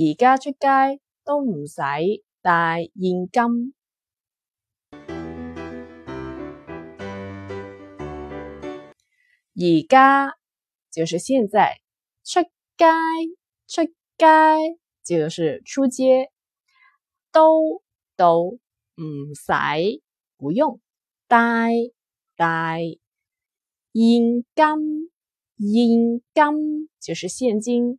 而家出街都唔使帶現金。而家就是現在，出街，出街就是出街，都，都唔使不用帶，帶現金，現金就是現金。